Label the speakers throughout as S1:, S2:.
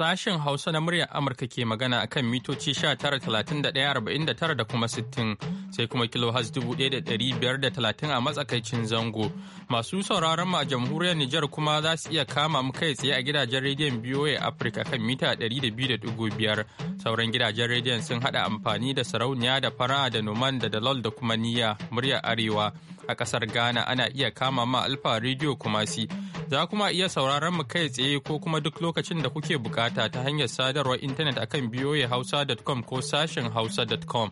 S1: Sashen Hausa na muryar Amurka ke magana a kan mitoci 1931 da kuma 60 sai kuma kilohaz 1,530 a matsakaicin zango. Masu sauraron mu a jamhuriyar Nijar kuma za su iya kama mu kai tsaye a gidajen rediyon BOA afirka kan mita 200.5 sauran gidajen rediyon sun hada amfani da sarauniya da fara da noman da dalol da kuma niyya muryar arewa. A kasar Ghana ana iya kama ma Alfa Radio Kumasi. Za kuma iya sauraron mu kai tsaye ko kuma duk lokacin da kuke bukata ta hanyar sadarwar intanet akan hausa.com ko sashen hausa.com.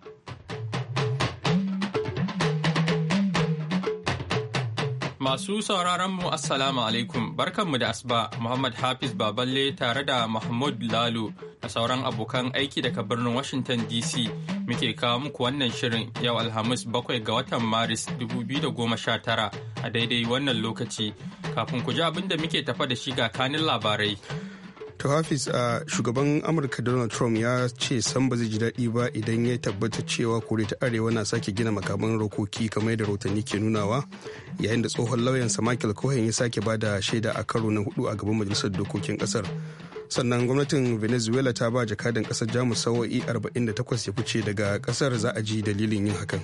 S1: Masu sauraron mu Assalamu alaikum barkanmu da asuba Muhammad Hafiz Baballe tare da Mahmud Lalo da sauran abokan aiki daga birnin Washington DC muke kawo muku wannan shirin yau Alhamis bakwai ga watan Maris 2019 a daidai wannan lokaci kafin ku ji abin da muke tafa da shi ga kanin labarai.
S2: To Hafiz a shugaban Amurka Donald Trump ya ce san ba zai ji daɗi ba idan ya tabbata cewa kore ta arewa na sake gina makaman rokoki kamar yadda rahotanni ke nunawa yayin da tsohon lauyansa Michael Cohen ya sake ba da shaida a karo na hudu a gaban majalisar dokokin ƙasar Sannan gwamnatin Venezuela ta ba jakadan kasar Jamus sawa'i 48 ya fice daga kasar za a ji dalilin yin hakan.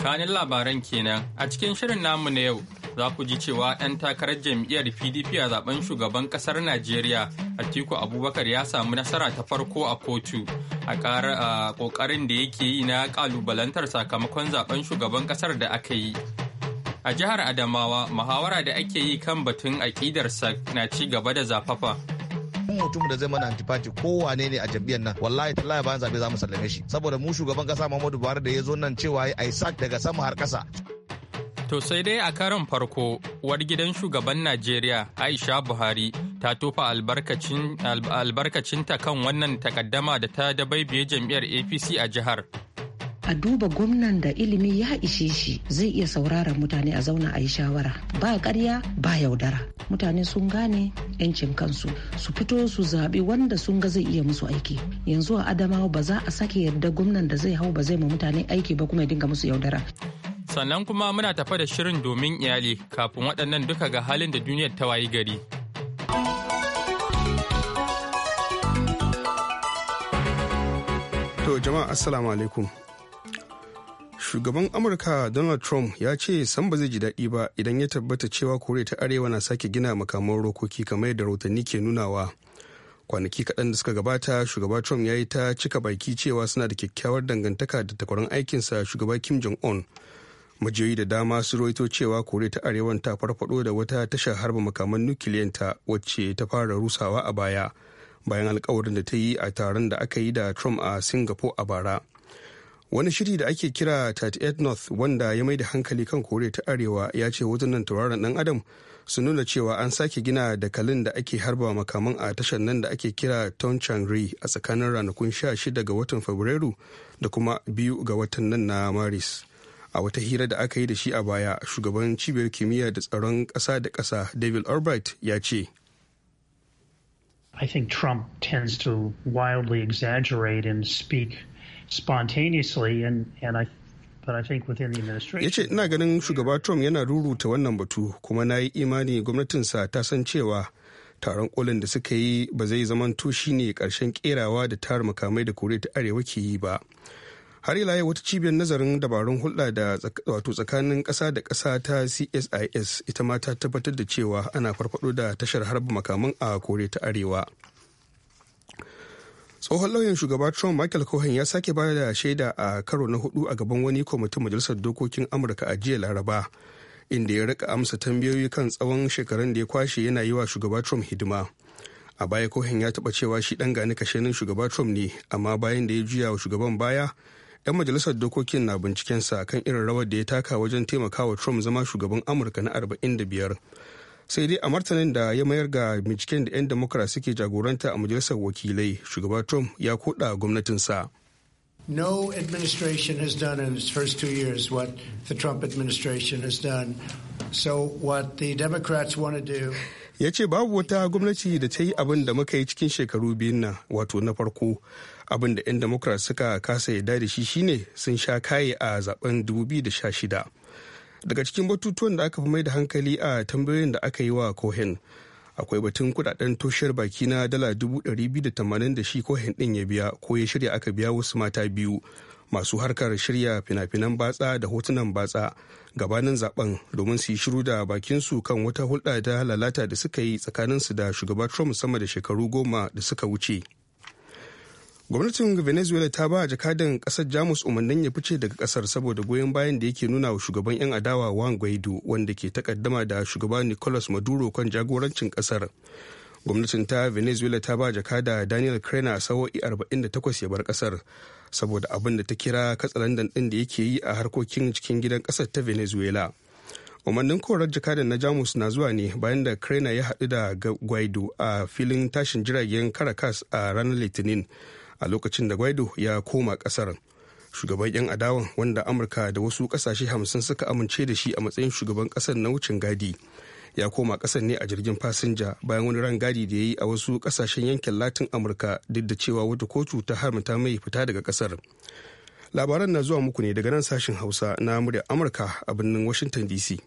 S1: Kanin labaran kenan a cikin shirin namu na yau za ku ji cewa 'yan takarar jam'iyyar pdp a zaben shugaban kasar najeriya atiku abubakar ya samu nasara ta farko a kotu a kokarin da yake yi na kalubalantar sakamakon zaben shugaban kasar da aka yi a jihar adamawa muhawara da ake yi kan batun aƙidar sak na ci gaba da zafafa
S3: mutum da zai mana antifati kowane ne a jam'iyyar nan wallahi tallahi bayan zabe za mu sallame shi saboda mu shugaban kasa Muhammadu Buhari da ya zo nan cewa yi sak daga sama har kasa
S1: To sai dai a karon farko, wani gidan shugaban Najeriya Aisha Buhari ta tofa albarkacinta kan wannan takaddama da ta dabaibiye jam'iyyar APC a jihar.
S4: a duba gwamnan da ilimi ya ishe shi zai iya saurara mutane a zauna a yi shawara ba karya ba yaudara mutane sun gane 'yancin kansu su fito su zaɓi wanda sun ga zai iya musu aiki yanzu a adamawa ba za a sake yadda gwamnan da zai hau ba zai ma mutane aiki ba kuma ya dinga musu yaudara
S1: sannan kuma muna tafa da shirin domin iyali kafin waɗannan duka ga halin da duniyar ta wayi gari.
S2: To jama'a assalamu alaikum. Shugaban Amurka Donald Trump ya ce san ba zai ji daɗi ba idan ya tabbata cewa Koriya ta Arewa na sake gina makaman rokoki kamar yadda rahotanni ke nunawa. kwanaki kaɗan da suka gabata shugaba trump ya yi ta cika baki cewa suna da kyakkyawar dangantaka da takwarar aikinsa shugaba kim jong-un majiyoyi da dama su roito cewa koriya ta arewan ta farfado da wata tashar harba makaman nukiliyanta wacce ta fara rusawa a baya bayan alkawarin da ta yi a taron da aka yi da trump a singapore a bara wani shiri da ake kira 38 north wanda ya mai da hankali kan koriya ta arewa ya ce wajen tauraron dan adam su nuna cewa an sake gina dakalin da ake harba makaman a tashar nan da ake kira tonchan ri a tsakanin ranakun 16 ga watan fabrairu da kuma biyu ga watan nan na maris a wata hira da aka yi da shi a baya shugaban cibiyar kimiyya da tsaron ƙasa da ƙasa david albright ya ce
S1: I think Trump tends to wildly exaggerate and speak spontaneously, and, and I ya
S2: ce ina ganin shugaba trump yana ruruta wannan batu kuma na yi imani gwamnatinsa ta san cewa taron kolin da suka yi ba zai zamanto shine karshen kerawa da tara makamai da koriya ta arewa ke yi ba har ila yau wata cibiyar nazarin dabarun hulɗa da wato tsakanin ƙasa da ƙasa ta csis ita ma ta tabbatar da cewa ana farfaɗo da tashar harba makaman a kore ta arewa tsohon lauyan shugaba trump michael cohen ya sake ba da shaida a karo na hudu a gaban wani kwamitin majalisar dokokin amurka a jiya laraba inda ya rika amsa tambayoyi kan tsawon shekarun da ya kwashe yana yi wa shugaba trump hidima a baya cohen ya taba cewa shi dan gani kashenin shugaba trump ne amma bayan da ya juya wa shugaban baya 'yan majalisar dokokin na bincikensa kan irin rawar da ya taka wajen taimakawa trump zama shugaban amurka na 45 sai dai a martanin da ya mayar ga binciken da 'yan democrat suke jagoranta a majalisar wakilai shugaba trump ya koda gwamnatinsa
S5: No administration has done in its first two
S6: years what the Trump administration has done. So, what the Democrats want to
S7: do.
S2: ya ce babu wata gwamnati da ta yi abin da muka yi cikin shekaru biyun nan wato na farko abin da 'yan democrat suka kasa yarda da shi shine sun sha kaye a zaben 2016 daga cikin batutuwan da aka fi mai da hankali a tambayoyin da aka yi wa cohen akwai batun kudaden toshiyar baki na dala 280 da shi cohen din ya biya ko ya shirya aka biya wasu mata biyu masu harkar shirya fina-finan batsa da hotunan batsa gabanin zaben domin su yi shiru da bakin su kan wata hulɗa ta lalata da suka yi tsakanin su da shugaba trump sama da shekaru goma da suka wuce gwamnatin venezuela ta ba jakadan kasar jamus umarnin ya fice daga kasar saboda goyon bayan da yake nuna wa shugaban 'yan adawa juan guaido wanda ke takaddama da shugaba nicolas maduro kan jagorancin kasar gwamnatin ta venezuela ta ba jakada daniel crane a sawo'i 48 ya bar kasar saboda abin da ta kira katsalandan ɗin da yake yi a harkokin cikin gidan ƙasar ta venezuela umarnin korar jakadan na jamus na zuwa ne bayan da kraina ya haɗu da guaido a filin tashin jiragen caracas a ranar litinin a lokacin da guaido ya koma ƙasar shugaban 'yan adawan wanda amurka da wasu ƙasashe hamsin suka amince da shi a matsayin shugaban ƙasar na wucin gadi ya koma kasan ne a jirgin fasinja bayan wani rangadi da ya yi a wasu kasashen yankin latin amurka duk da cewa wata kotu ta harmata mai fita daga kasar labaran na zuwa muku ne daga nan sashen hausa na muryar amurka a birnin washington dc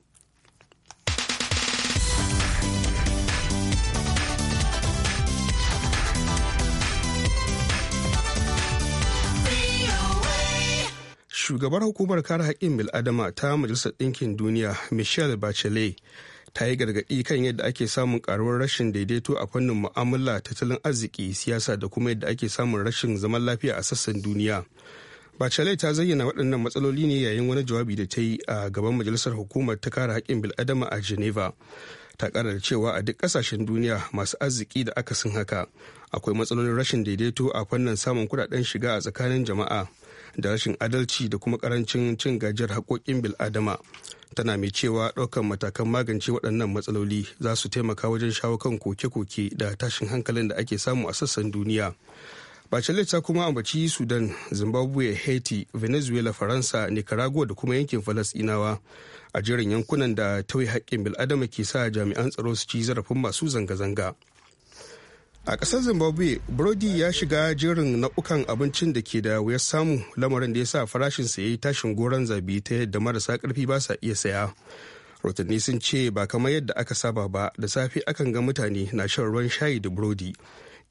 S2: shugabar hukumar kare haƙƙin bil'adama ta majalisar ɗinkin duniya michelle bachelet ta yi gargaɗi kan yadda ake samun karuwar rashin daidaito a fannin mu'amala tattalin arziki siyasa da kuma yadda ake samun rashin zaman lafiya a sassan duniya bacale ta zayyana waɗannan matsaloli ne yayin wani jawabi da ta yi a gaban majalisar hukumar ta kare haƙƙin bil'adama a geneva ta ƙara da cewa a duk ƙasashen duniya masu arziki da aka akasin haka akwai matsalolin rashin daidaito a fannin samun kuɗaɗen shiga a tsakanin jama'a da rashin adalci da kuma karancin cin gajiyar haƙoƙin bil'adama tana mai cewa ɗaukan matakan magance waɗannan matsaloli za su taimaka wajen shawo kan koke-koke da tashin hankalin da ake samu a sassan duniya bachelet ta kuma ambaci sudan zimbabwe haiti venezuela faransa nicaragua da kuma yankin falasinawa a jerin yankunan da tauye haƙƙin bil'adama ke sa jami'an tsaro su ci zarafin masu zanga-zanga a ƙasar zimbabwe brody ya shiga jerin nau'ukan abincin da ke da wuyar samu lamarin da ya sa sa ya yi tashin goron zabi ta yadda marasa ƙarfi ba sa iya saya rotanni sun ce ba kamar yadda aka saba ba da safe akan ga mutane na shan ruwan shayi da burodi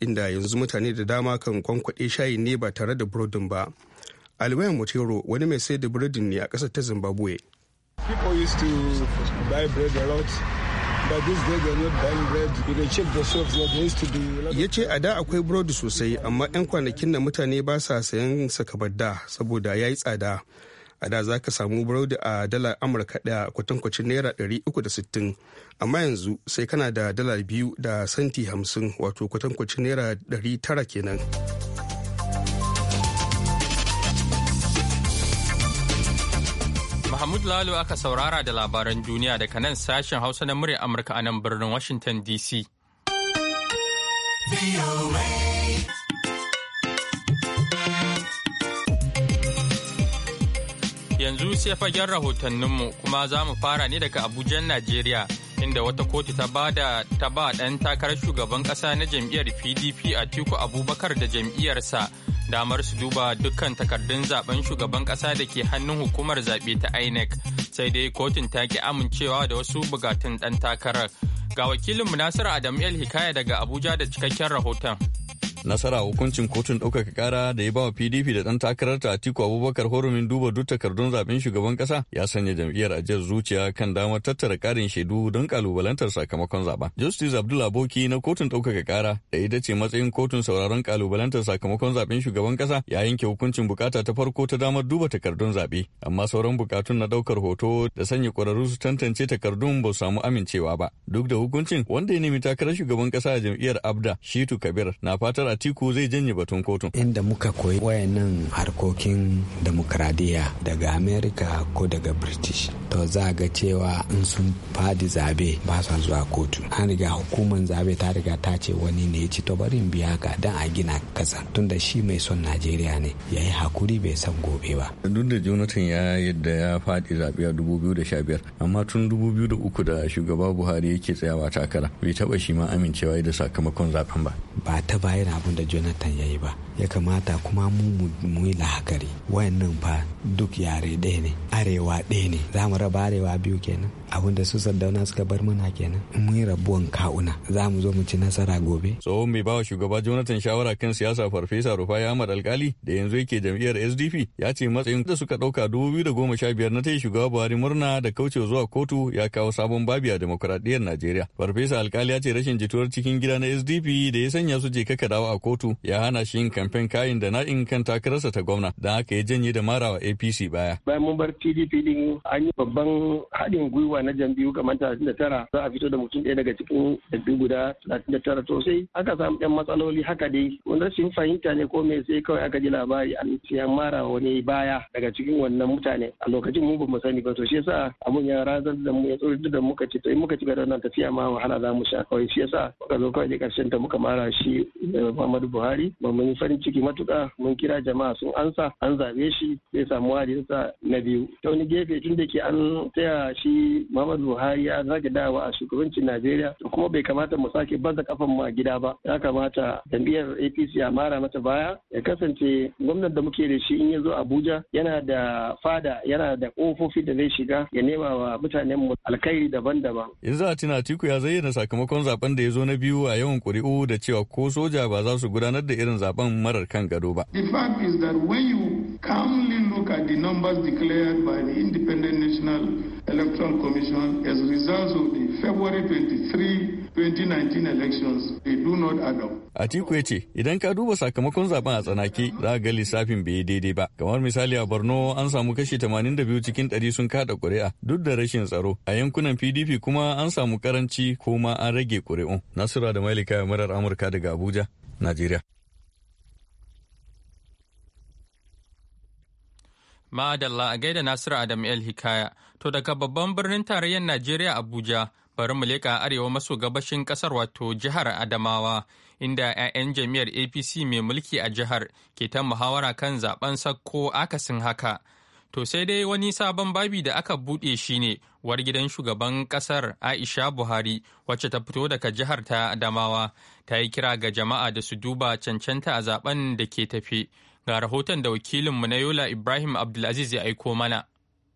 S2: inda yanzu mutane da dama kan kwankwaɗe shayi ne ba tare da burodin ba alwayan motero wani mai sai da ne a ƙasar ta zimbabwe ya ce a da akwai burodi sosai amma 'yan kwanakin na mutane ba sa sayan sakabar saboda ya yi tsada a da za ka samu burodi a dala amurka daya kwatankwacin naira 360 amma yanzu sai kana da dala biyu da santi 50 wato kwatankwacin naira 900 kenan.
S1: Mahmud Lalo aka saurara da labaran duniya daga nan sashen Hausa na murya Amurka a nan birnin Washington DC. Yanzu sai fagen rahotanninmu kuma za mu fara ne daga Abujan Najeriya inda wata kotu ta ba da ba ɗan takarar shugaban ƙasa na jam'iyyar PDP a Tiku Abubakar da jam'iyyarsa. damar su duba dukkan takardun zaben shugaban kasa da ke hannun hukumar zaɓe ta inec sai dai kotun ta ki amincewa da wasu bugatun ɗan takarar ga wakilin munasir Adamu el hikaya daga abuja da cikakken rahoton
S7: nasara hukuncin kotun ɗaukaka ƙara da ya bawa pdp da ɗan takararta atiku abubakar horumin duba duk takardun zaben shugaban ƙasa ya sanya jam'iyyar ajiyar zuciya kan damar tattara ƙarin shaidu don ƙalubalantar sakamakon zaɓen justice abdul aboki na kotun ɗaukaka ƙara da ita ce matsayin kotun sauraron ƙalubalantar sakamakon zaɓen shugaban ƙasa ya yanke hukuncin bukata ta farko ta damar duba takardun zaɓe amma sauran bukatun na ɗaukar hoto da sanya ƙwararru su tantance takardun ba su samu amincewa ba duk da hukuncin wanda ya nemi takarar shugaban ƙasa a jam'iyyar abda shitu kabir na fatar Atiku zai janye batun kotun.
S3: Inda muka koyi wayannan harkokin demokradiyya daga Amerika ko daga British to za ga cewa in sun fadi zabe ba sa zuwa kotu an riga hukumar zabe ta riga ta ce wani ne ya ci to bari biya ka dan a gina kasa tunda shi mai son najeriya ne ya yi hakuri bai san gobe ba
S7: duk da jonathan ya yadda ya fadi zabe a 2015 amma tun 2003 da shugaba buhari yake tsayawa takara bai taba shi ma amincewa da sakamakon zaben ba ba ta bayan abin da jonathan ya yi ba
S3: ya kamata kuma mu mu yi lahakari wayannan fa duk yare ɗaya ne arewa ɗaya ne za mu raba arewa biyu kenan abinda su sardauna suka bar mana kenan mun yi rabuwan kauna za mu zo mu ci nasara gobe
S7: tsohon mai bawa shugaba jonathan shawara kan siyasa farfesa rufai ahmad alkali da yanzu yake jam'iyyar sdp ya ce matsayin da suka ɗauka dubu biyu da goma sha biyar na taya shugaba buhari murna da kauce zuwa kotu ya kawo sabon babi a demokuraɗiyyar najeriya farfesa alkali ya ce rashin jituwar cikin gida na sdp da ya sanya su je kakadawa dawo a kotu ya hana shi yin kamfen kayan da na'in kan takararsa ta gwamna da haka ya janye da mara wa apc baya
S3: bayan mun bar pdp din an yi babban haɗin gwiwa na jan biyu kamar talatin da tara za a fito da mutum ɗaya daga cikin ɗabi guda talatin da tara to sai aka samu ɗan matsaloli haka dai wani rashin fahimta ne ko me sai kawai aka ji labari an ce mara wani baya daga cikin wannan mutane a lokacin mu ba mu sani ba to shi yasa abun ya razar da mu ya tsoro da muka ci to muka ci gaba da wannan tafiya ma wahala za mu sha kawai shi yasa muka zo kawai da ƙarshen ta muka mara shi eh, Muhammadu Buhari ba mun yi farin ciki matuƙa mun kira jama'a sun ansa an zabe shi zai samu wariyarsa na biyu ta wani gefe tun da ke an taya shi muhammadu buhari ya zage dawa a shugabancin najeriya kuma bai kamata mu sake baza kafan mu a gida ba ya kamata jam'iyyar apc a mara mata baya ya kasance gwamnan da muke da shi in ya zo abuja yana da fada yana da kofofi da zai shiga ya nema wa mutanen mu alkhairi daban-daban
S7: yanzu a tuna tiku ya zayyana sakamakon zaben da ya zo na biyu a yawan ƙuri'u da cewa ko soja ba za su gudanar da irin zaben marar kan gado ba.
S2: The fact is that when you calmly look at the numbers declared by the Independent National Electoral Commission as result of the February 23 2019 elections they do not add up.
S7: Atiku ya ce idan ka duba sakamakon zaben a tsanaki za ga lissafin bai daidai ba. Kamar misali a Borno an samu kashi 82 cikin 100 sun kada kuri'a duk da rashin tsaro. A yankunan PDP kuma an samu karanci ko ma an rage kuri'un. Nasura da Malika murar Amurka daga Abuja, Najeriya.
S1: Ma'adalla a gaida Nasiru Adam El Hikaya. To daga babban birnin tarayyar Najeriya Abuja bari mu leƙa arewa maso gabashin ƙasar wato jihar Adamawa inda 'ya'yan jam'iyyar APC mai mulki a jihar ke ta muhawara kan zaben sakko akasin haka. To sai dai wani sabon babi da aka buɗe shi ne war gidan shugaban ƙasar Aisha Buhari wacce ta fito daga jihar ta Adamawa ta yi kira ga jama'a da su duba cancanta a zaben da ke tafe. ga rahoton da wakilinmu na Yola Ibrahim Abdulaziz ya aiko mana.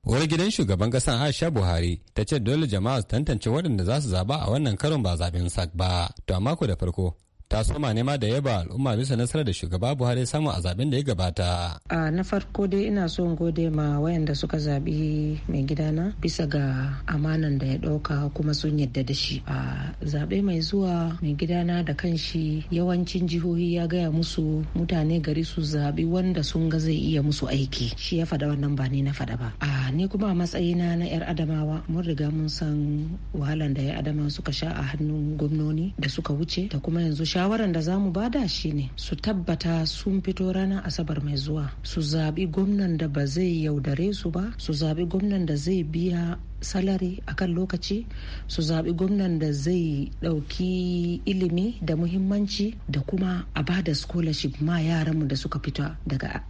S3: Wani gidan shugaban ƙasar Aisha Buhari ta ce dole jama'a su tantance waɗanda za su zaba a wannan karon ba zaben sak ba. To a mako da farko ta soma nema da yaba al'umma bisa nasarar da shugaba buhari samu a zaben da ya gabata
S4: a na farko dai ina so in gode ma wayanda suka zabi mai gidana bisa ga amanan da ya dauka kuma sun yadda da shi a zabe mai zuwa mai gidana da kanshi yawancin jihohi ya gaya musu mutane gari su zabi wanda sun ga zai iya musu aiki shi ya fada wannan ba ni na faɗa ba a ni kuma a matsayina na yar adamawa mun riga mun san wahalan da ya adama suka sha a hannun gwamnoni da suka wuce da kuma yanzu sha. shawaran da za mu bada shine su tabbata sun fito ranar asabar mai zuwa su zaɓi gwamnan da ba zai yaudare su ba su zaɓi gwamnan da zai biya salari a kan lokaci su zaɓi gwamnan da zai ɗauki ilimi da muhimmanci da kuma a bada da scholarship ma yaranmu da suka fita daga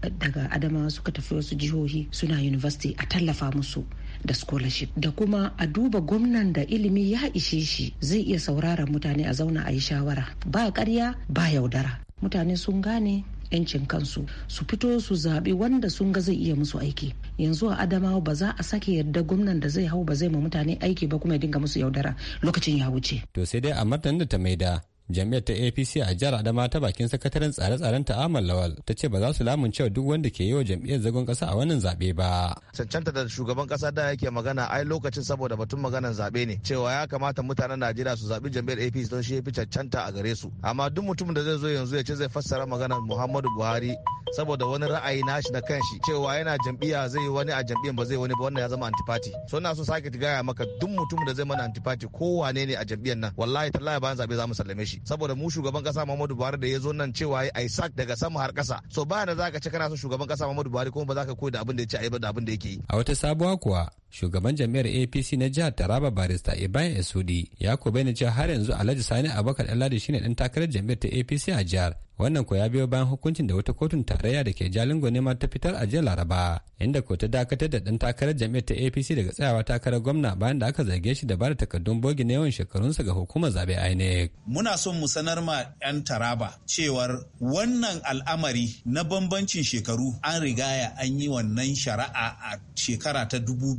S4: adama suka tafi wasu jihohi suna university a tallafa musu da scholarship da kuma a duba gwamnan da ilimi ya ishe shi zai iya sauraron mutane a zauna a yi shawara ba karya ba yaudara mutane sun gane yancin kansu su fito su zaɓi wanda sun ga zai iya musu aiki yanzu a adamawa ba za a sake yadda gwamnan da zai hau ba zai ma mutane aiki ba kuma ya dinga musu yaudara lokacin ya wuce
S3: to sai dai a martanin da ta maida jami'ar ta apc a jihar adama ta bakin sakataren tsare-tsaren ta amal lawal ta ce ba za su lamunce duk wanda ke yi wa jami'ar zagon kasa a wannan zabe ba cancanta da shugaban kasa da yake magana ai lokacin saboda batun maganar zabe ne cewa ya kamata mutanen najeriya su zaɓi jami'ar apc don shi ya fi cancanta a gare su amma duk mutumin da zai zo yanzu ya ce zai fassara maganar muhammadu buhari saboda wani ra'ayi nashi na kanshi cewa yana jam'iyya zai yi wani a jam'iyyar ba zai wani ba wannan ya zama antipati so na so sake gaya maka duk mutum da zai mana antipati ko wane ne a jam'iyyar nan wallahi tallahi bayan zabe za mu sallame shi saboda mu shugaban kasa Muhammadu Buhari da ya zo nan cewa yi Isaac daga sama har kasa so ba na zaka ce kana so shugaban kasa Muhammadu Buhari kuma ba za ka koyi da abin da ya ce yi ba da abin da yake yi a wata sabuwa kuwa shugaban jami'ar apc na jihar taraba barista ibrahim esudi ya ko bayyana cewa har yanzu alhaji sani abubakar ɗanladi shine ɗan takarar jami'ar ta apc a jihar wannan ko ya biyo bayan hukuncin da wata kotun tarayya da ke jalingo ne ma ta fitar a jiya laraba inda ko ta dakatar da dan takarar jami'ar ta apc daga tsayawa takarar gwamna bayan da aka zarge shi da bada takardun bogi na yawan shekarunsa ga hukumar zabe inec
S6: muna son mu sanar ma yan taraba cewar wannan al'amari na bambancin shekaru an rigaya an yi wannan shari'a a shekara ta dubu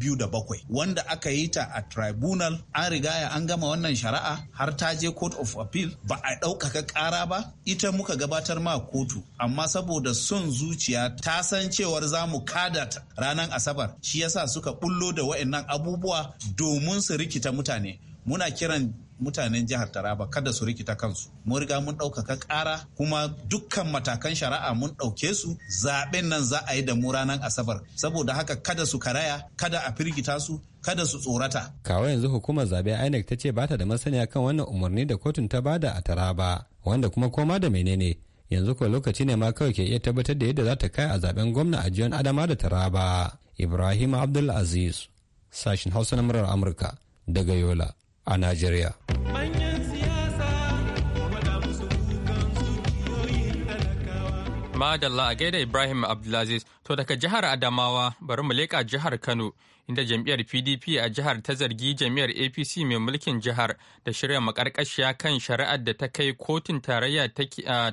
S6: wanda aka yi ta a tribunal an rigaya an gama wannan shari'a har ta je court of appeal ba a ɗaukaka ƙara ba ita muka ga gabatar ma kotu amma saboda son zuciya ta san cewar za mu kada ranar asabar shi yasa suka bullo da wa'annan abubuwa domin su rikita mutane muna kiran mutanen jihar Taraba kada su rikita kansu. Mun riga mun ɗaukaka ƙara kuma dukkan matakan shari'a mun ɗauke su zaɓen nan za a yi da mu ranar Asabar. Saboda haka kada su karaya, kada a firgita su, kada su tsorata.
S3: kawai yanzu hukumar zaɓe INEC ta ce bata da masaniya kan wannan umarni da kotun ta bada a Taraba. wanda kuma koma da menene yanzu ko lokaci ne ma kawai ke iya tabbatar da yadda za ta kai a zaben gwamna a jiyon adama da taraba ibrahim abdul aziz sashin hausa na murar amurka daga yola a najeriya
S1: madalla a gaida ibrahim abdulaziz to daga jihar adamawa bari mu leƙa jihar kano inda jam'iyyar pdp a jihar ta zargi jam'iyyar apc mai mulkin jihar da shirya makarkashiya kan shari'ar da ta kai kotun tarayya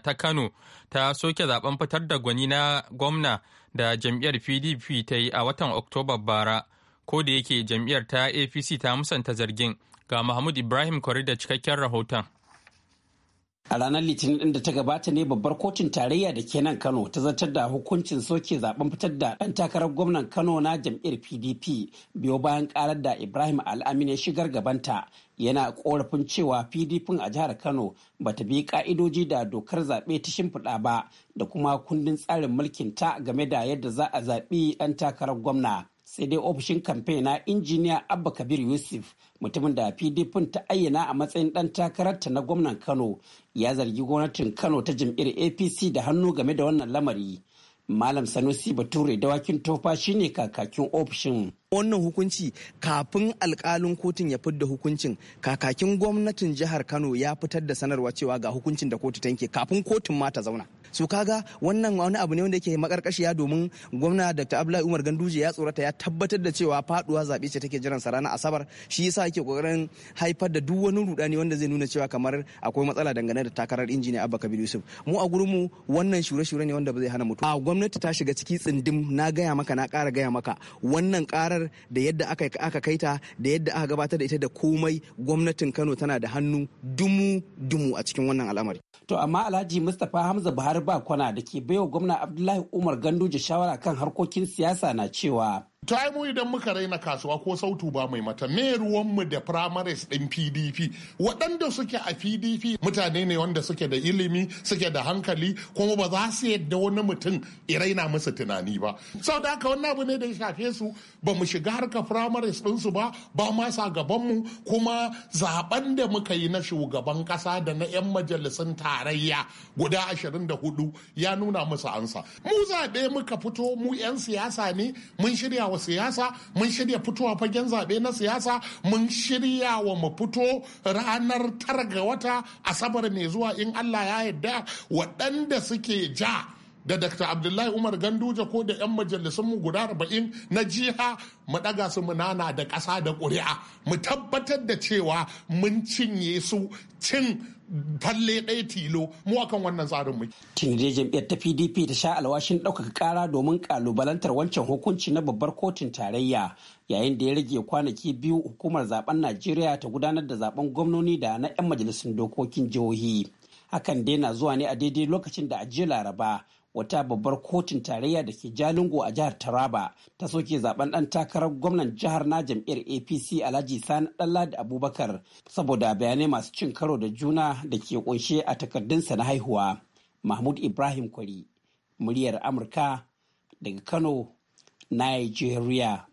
S1: ta kano ta soke zaben fitar da gwani na gwamna da jam'iyyar pdp ta yi a watan oktoba bara ko da yake jam'iyyar ta apc ta musanta zargin ga mahmud ibrahim kwari da cikakken rahoton
S6: A ranar Litinin ɗin da ta gabata ne babbar kotun tarayya da ke nan Kano ta zartar da hukuncin soke zaben fitar da ɗan takarar gwamnan Kano na jam'iyyar PDP biyo bayan karar da Ibrahim Al'amin ya shigar gabanta yana korafin cewa PDP a jihar Kano ba ta bi ka'idoji da dokar zaɓe ta shimfiɗa ba da kuma kundin tsarin mulkin ta game da yadda za a zaɓi ɗan takarar gwamna. sai dai ofishin kamfe na injiniya abba kabir yusuf mutumin da pdp ta ayyana a matsayin dan takararta na gwamnan kano ya zargi gwamnatin kano ta jam'iyyar apc da hannu game da wannan lamari Malam Sanusi Bature dawakin tofa shine kakakin ofishin. Wannan hukunci kafin alkalin kotun ya fidda hukuncin kakakin gwamnatin jihar Kano ya fitar da sanarwa cewa ga hukuncin da kotu ta yanke kafin kotun ma ta zauna. so kaga wannan wani abu ne wanda yake makarkashiya domin gwamna dr abdullahi umar ganduje ya tsorata ya tabbatar da cewa faduwa zaɓe ce take jiran sa ranar asabar shi yasa yake kokarin haifar da duk wani rudani wanda zai nuna cewa kamar akwai matsala dangane da takarar injiniya abba kabir yusuf mu a gurin mu wannan shure-shure ne wanda ba zai hana mutu a gwamnati ta shiga ciki tsindim na gaya maka na kara gaya maka wannan karar da yadda aka aka kaita da yadda aka gabatar da ita da komai gwamnatin Kano tana da hannu dumu dumu a cikin wannan al'amari to amma Alhaji Mustapha Hamza Buhari ba kwana da ke baiwa gwamna Abdullahi Umar Ganduje shawara kan harkokin siyasa na cewa to yi idan muka raina kasuwa ko sautu ba mai mata me ruwanmu da primaries din pdp waɗanda suke a pdp mutane ne wanda suke da ilimi suke da hankali kuma ba za su yadda wani mutum iraina musu tunani ba sau da haka wannan abu ne da ya shafe su ba mu shiga harka primaries ɗinsu ba ba ma sa gabanmu kuma zaben da muka yi na shugaban ƙasa da na 'yan majalisun tarayya guda ashirin da 24 ya nuna musu ansa mu zaɓe muka fito mu 'yan siyasa ne mun shirya wa siyasa mun shirya fitowa fagen zaɓe na siyasa mun shirya wa mu fito ranar tara ga wata asabar mai zuwa in allah ya yarda waɗanda suke ja da dr abdullahi umar ganduje ko da 'yan majalisunmu guda 40 na jiha mu ɗaga su mu nana da ƙasa da ƙuri'a mu tabbatar da cewa mun cinye su cin Talle ɗaya tilo mu akan wannan tsarin muke. Tinire jam'iyyar ta PDP ta sha alwashin ɗaukaka ƙara domin ƙalubalantar wancan hukunci na babbar kotun tarayya yayin da ya rage kwanaki biyu hukumar zaben Najeriya ta gudanar da zaben gwamnoni da na 'yan majalisun dokokin jihohi. Hakan dai na zuwa ne a daidai lokacin da a jiya Laraba wata babbar kotun tarayya da ke jalingo a jihar taraba ta soke zaben dan takarar gwamnan jihar na jam'iyyar apc alhaji sani da abubakar saboda bayanai masu cin karo da juna da ke kunshe a takardunsa na haihuwa mahmud ibrahim kwari muryar amurka daga kano nigeria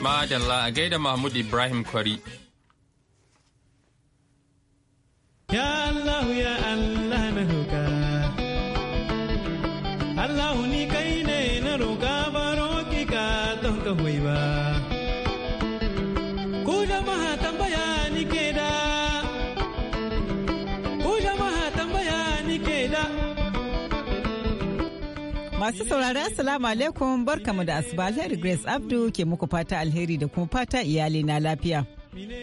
S1: madalla a gaida mahmud ibrahim kwari
S3: Ya Allah ya Allah na roƙa. Allah ni kai ne na roƙa ba ki ka don ka ba. Ku jama'a tambaya ni ke da. Ku jama'a tambaya ni ke da.
S8: Masu saurara Assalamu alaikum barkamu da asuba Alheri Grace Abdu ke muku fata alheri da kuma fata iyali na lafiya.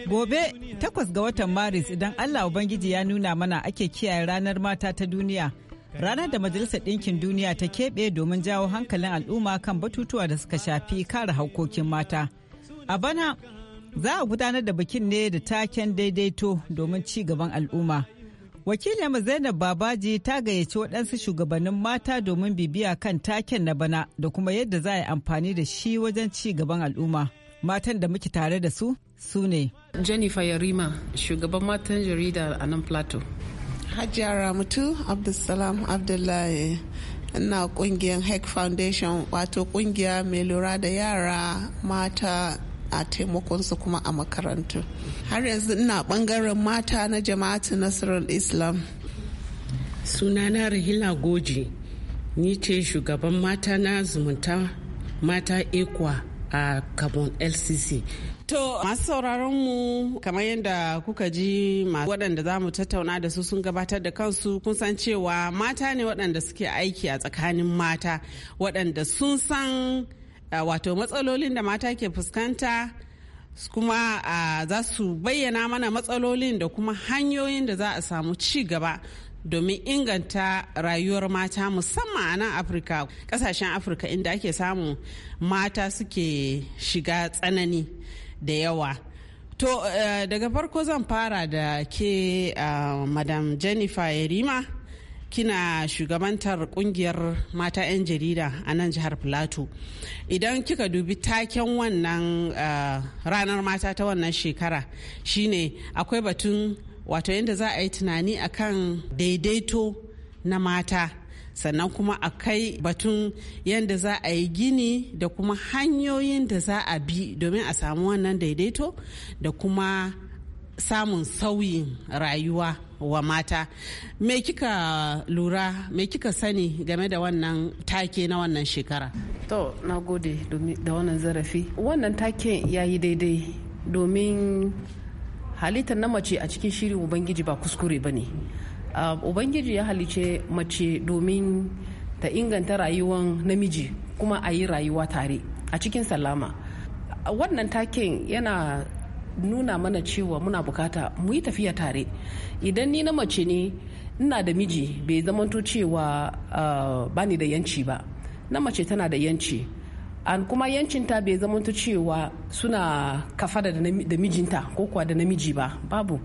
S8: Gobe takwas ga watan Maris idan Allah Ubangiji ya nuna mana ake kiyaye ranar mata ta duniya. Ranar da Majalisar Ɗinkin Duniya ta keɓe domin jawo hankalin al'umma kan batutuwa da suka shafi kare haukokin mata. A bana za a gudanar da bikin ne da taken daidaito domin ci gaban al'umma. Wakilinmu Zainab Babaji ta gayyaci waɗansu shugabannin mata domin bibiya kan taken na bana da kuma yadda za a yi amfani da shi wajen ci gaban al'umma. Matan da muke tare da su
S9: su ne jennifer yarima shugaban matan jarida a nan plateau
S5: hajiya Mutu abdulsalam abdullahi ina kungiyar hec foundation wato kungiya mai lura da yara mata a taimakonsu kuma a makarantu har yanzu ina bangaren mata na jama'atu nasarar islam
S10: sunana rahila goji ni ce shugaban mata na zumunta mata ekwa a Gabon LCC. To masu sauraron mu kamar yadda kuka ji masu waɗanda za mu tattauna da su sun gabatar da kansu kun san cewa mata ne waɗanda suke aiki a tsakanin mata waɗanda sun san wato matsalolin da mata ke fuskanta kuma za su bayyana mana matsalolin da kuma hanyoyin da za a samu ci gaba domin inganta rayuwar mata musamman a nan afirka kasashen afirka inda ake samu mata suke shiga tsanani da yawa to eh, daga farko zan fara da ke uh, madam jennifer yarima kina shugabantar kungiyar mata 'yan jarida a nan jihar plateau idan kika dubi taken wannan eh, ranar mata ta wannan shekara shine akwai batun wato yadda za a yi tunani a kan daidaito na mata sannan kuma a kai batun yadda za a yi gini da kuma hanyoyin da za a bi domin a samu wannan daidaito da kuma samun sauyin rayuwa wa mata me kika lura me kika sani game da wannan take na wannan shekara
S9: to na gode da wannan zarafi wannan taken ya yi daidai domin halittar na mace a cikin shirin ubangiji ba kuskure ba ne ah, ubangiji ya halice mace domin ta inganta rayuwar namiji kuma a yi rayuwa tare a cikin salama wannan taken yana nuna mana cewa muna bukata mu yi tafiya tare idan ni na mace ne ina da miji bai zamanto cewa uh, ah, bani da yanci ba na mace tana da yanci an kuma yancinta bai zamanta cewa suna kafa da mijinta ko kuwa da namiji ba babu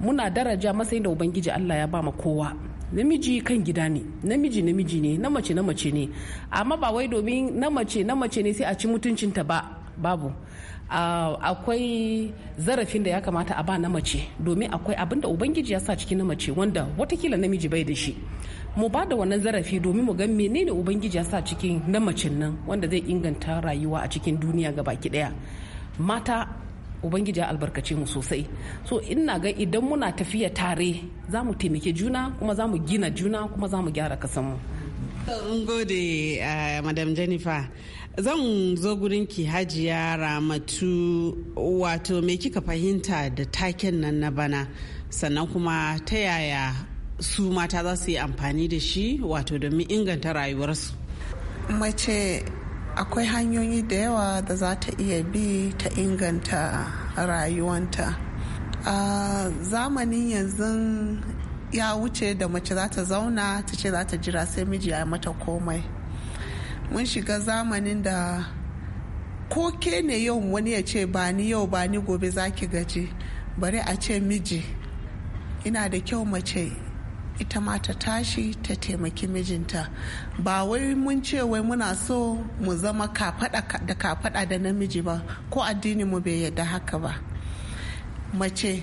S9: muna daraja matsayin da ubangiji allah ya ba ma kowa namiji kan gida ne namiji namiji ne na mace na mace ne amma ba wai domin na mace na mace ne sai a ci mutuncinta ba babu akwai zarafin da ya kamata a ba na mace domin akwai abin da ubangiji ya sa cikin na mace wanda watakila namiji bai da shi mu ba da wannan zarafi domin mu ga menene ubangiji ya sa cikin na macin nan wanda zai inganta rayuwa a cikin duniya ga baki daya mata ubangiji ya albarkace mu sosai so ina ga idan muna tafiya tare za mu taimake juna kuma za mu gina juna kuma za mu gyara kasanmu
S10: in gode eh, madam jennifer zan zo gurin ki hajiya ramatu wato me kika fahimta da taken nan na bana sannan kuma ta yaya su mata za su yi amfani da shi wato domin inganta rayuwarsu mace
S5: akwai hanyoyi da yawa da za ta iya bi ta inganta rayuwanta a zamanin yanzu ya wuce da mace za ta zauna ta ce za ta jira sai miji ya mata komai mun shiga zamanin da ko ke ne yau wani ya ce ba ni yau ba ni gobe za ki gaji bari a ce miji ina da kyau mace ita ma ta tashi ta taimaki mijinta ba wai mun ce wai muna so mu zama da kafaɗa da namiji ba ko addini mu bai yadda haka ba mace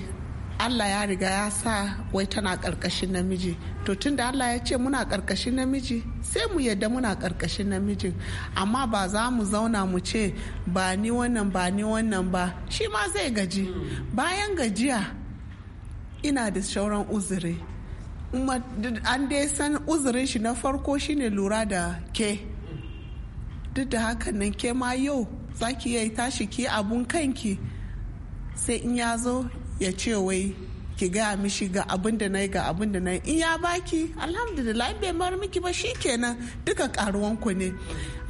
S5: Allah ya riga ya sa wai tana ƙarƙashin namiji to tunda Allah ya ce muna karkashin namiji sai mu yadda muna karkashin namijin amma ba za mu zauna mu ce ba ni wannan ba ni wannan ba shi ma zai gaji hmm. bayan gajiya ina da shauran uzuri an dai san uzurin shi na farko shine lura da ke duk da hakan nan ke ma yau zaki ya iya tashi ki abun kanki sai in ya zo ya ce wai ki gaya mishi ga abin da na yi ga abin da na yi in ya baki alhamdulillah bai mar miki ba kenan duka karuwan ku ne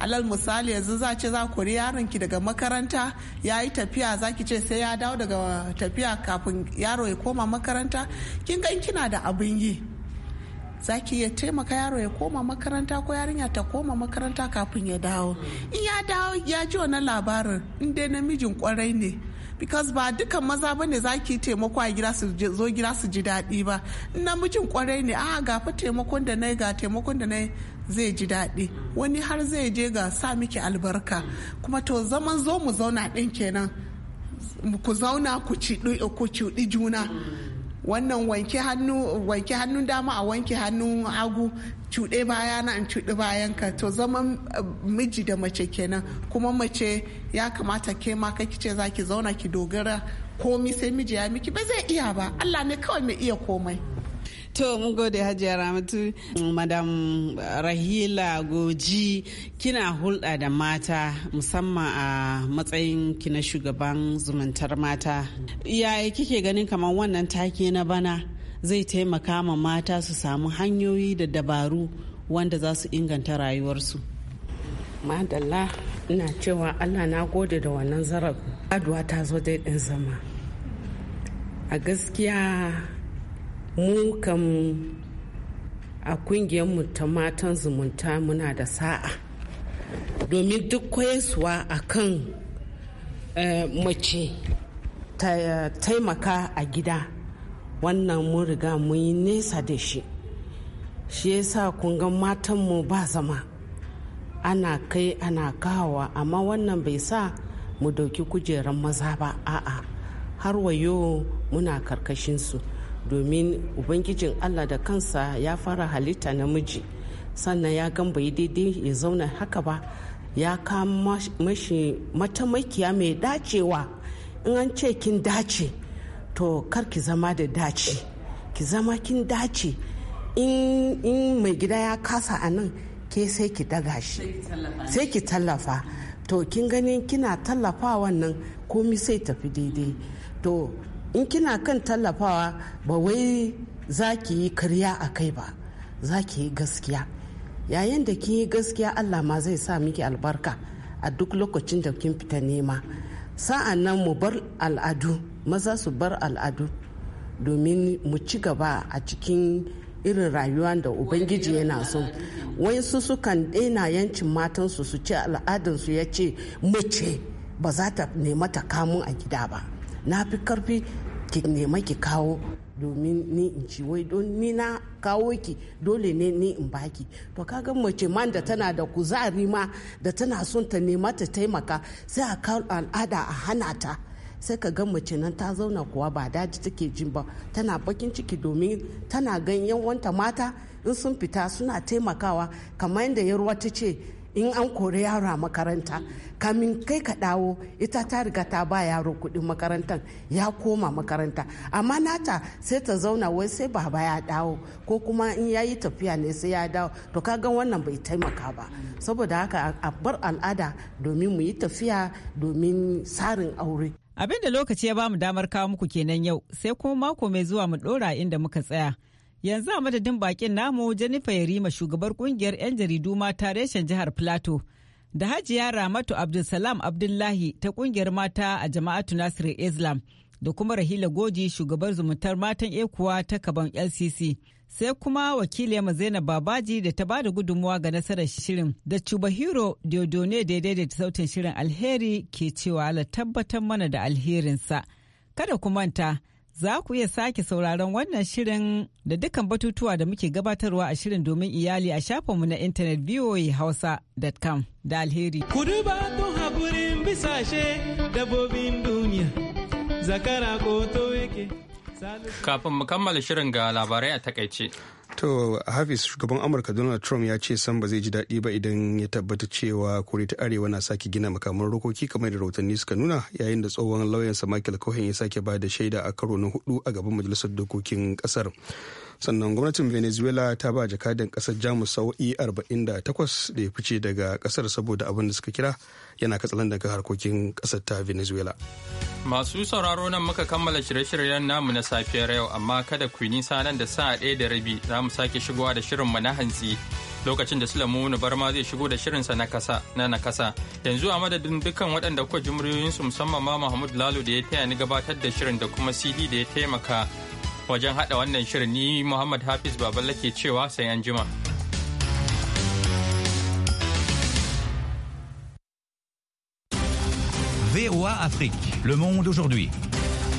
S5: alal misali yanzu za ce za kori yaron ki daga makaranta ya yi tafiya za ki ce sai ya dawo daga tafiya kafin yaro ya koma makaranta kin gan kina da abin yi zaki ki iya taimaka yaro ya koma makaranta ko yarinya ta koma makaranta kafin ya dawo in ya dawo ya ji wani labarin in dai namijin kwarai ne because ba dukan maza bane za ki taimako a gida su zo gida su ji daɗi ba namijin kwarai ne a ga fa taimakon da na ga taimakon da na zai ji daɗi wani har zai je ga sa miki albarka kuma to zaman zo mu zauna ɗin kenan ku zauna ku ci ku juna wannan wanke hannu wanke hannun dama a wanke hannun hagu cuɗe baya na in cuɗe bayan ka to zama eh, miji da mace kenan kuma mace ya kamata ke ma kake ce zaki zauna ki dogara komi sai miji ya miki ba zai iya ba Allah ne kawai mai iya komai To mun gode
S10: Hajiya Ramatu Madam Rahila Goji kina hulɗa da mata musamman a matsayin ki na shugaban zumuntar mata. Yaya kike ganin kamar wannan take na bana zai taimaka ma mata su samu hanyoyi da dabaru wanda za su inganta rayuwarsu. Madalla ina cewa Allah na gode da wannan zarafi. Aduwa ta zo daidin zama. A gaskiya mu kam a mu ta matan zumunta muna da sa'a domin duk koyaswa a kan eh, mace ta taimaka a gida wannan mun riga mun yi nesa da shi shi yasa kun ga matanmu ba zama ana kai ana kawowa amma wannan bai sa mu dauki kujerar maza ba a'a har wayo muna karkashinsu su domin ubangijin allah da kansa ya fara halitta namiji sannan ya bai daidai ya zauna haka ba ya kama mashi matamakiya mai dacewa in an ce kin dace to kar ki zama da dace ki zama kin dace in mai gida ya kasa a nan ke sai ki daga shi sai ki tallafa to kin ganin kina tallafa wannan komi sai tafi daidai to in kina kan tallafawa ba wai za ki yi karya a kai ba za ki yi gaskiya yayin da kin yi gaskiya allah ma zai sa miki albarka a duk lokacin da kin fita nema sa'an nan mu bar al'adu maza su bar al'adu domin mu ci gaba a cikin irin rayuwa da ubangiji yana so wayansu sukan daina yancin matansu su ce al'adansu ya ce mace ba za ta nema ta kamun a gida ba na fi karfi ki nema ki kawo domin ni in ci wai don ni na kawo ki dole ne ni in baki to kaga mace man da tana da kuzari ma da tana son ta nema ta taimaka sai a kawo al'ada a hana ta sai ka ga mace nan ta zauna kuwa ba daji take jin ba tana bakin ciki domin tana gan yan wanta mata in sun fita suna taimakawa kamar yadda yarwa ta ce in an kori yaro a makaranta kamin kai ka dawo ita ta riga ta ba yaro kudin makarantar ya koma makaranta amma nata sai ta zauna wai sai baba ya dawo ko kuma in ya yi tafiya ne sai ya dawo to ka gan wannan bai taimaka ba saboda haka a bar al'ada domin mu yi tafiya domin tsarin aure
S8: abin da lokaci ya ba mu damar kawo muku kenan yau sai kuma mako mai zuwa mu dora inda muka tsaya Yanzu a madadin bakin namu Jennifer Yarima shugabar kungiyar 'yan jaridu mata reshen jihar Plateau da Hajiya Ramatu Abdulsalam Abdullahi ta kungiyar mata a jama'atu Nasir Islam da kuma Rahila Goji shugabar zumuntar matan ekuwa ta kaban LCC. Sai kuma wakiliyar Zainab Babaji da ta bada gudunmuwa ga nasarar shirin da Chubahiro Diodone da sautin shirin alheri ke cewa "La tabbatar mana da alherinsa. Kada ku manta za ku iya sake sauraron wannan shirin da dukkan batutuwa da muke gabatarwa a shirin domin iyali a shafinmu na intanet hausa.com da alheri. Kudu ba don haƙurin bisashe dabobin duniya, zakara
S5: ko to yake.
S1: Kafin mu kammala shirin ga labarai a takaice.
S2: To Hafiz shugaban Amurka Donald Trump ya ce san ba zai ji daɗi ba idan ya tabbata cewa kore ta arewa na sake gina makaman rokoki kamar da rahotanni suka nuna yayin da tsohon lauyan Michael Cohen ya sake ba da shaida a karo na hudu a gaban majalisar dokokin kasar. sannan gwamnatin venezuela ta ba jakadin kasar jamus sau'i 48 da ya fice daga kasar saboda abin da suka kira yana katsalan daga harkokin kasar ta venezuela
S1: masu sauraro nan muka kammala shirye-shiryen namu na safiyar yau amma kada ku nisa nan da sa'a ɗaya da rabi za mu sake shigowa da shirinmu na hantsi lokacin da Sulaimu Barma zai shigo da shirinsa na na nakasa yanzu a madadin dukkan waɗanda kuka ji muryoyinsu musamman ma Mahmud Lalo da ya taya ni gabatar da shirin da kuma CD da ya taimaka wajen hada wannan shirin ni Muhammad Hafiz Baballa ke cewa sai an jima.
S7: VOA Afrique, le monde aujourd'hui.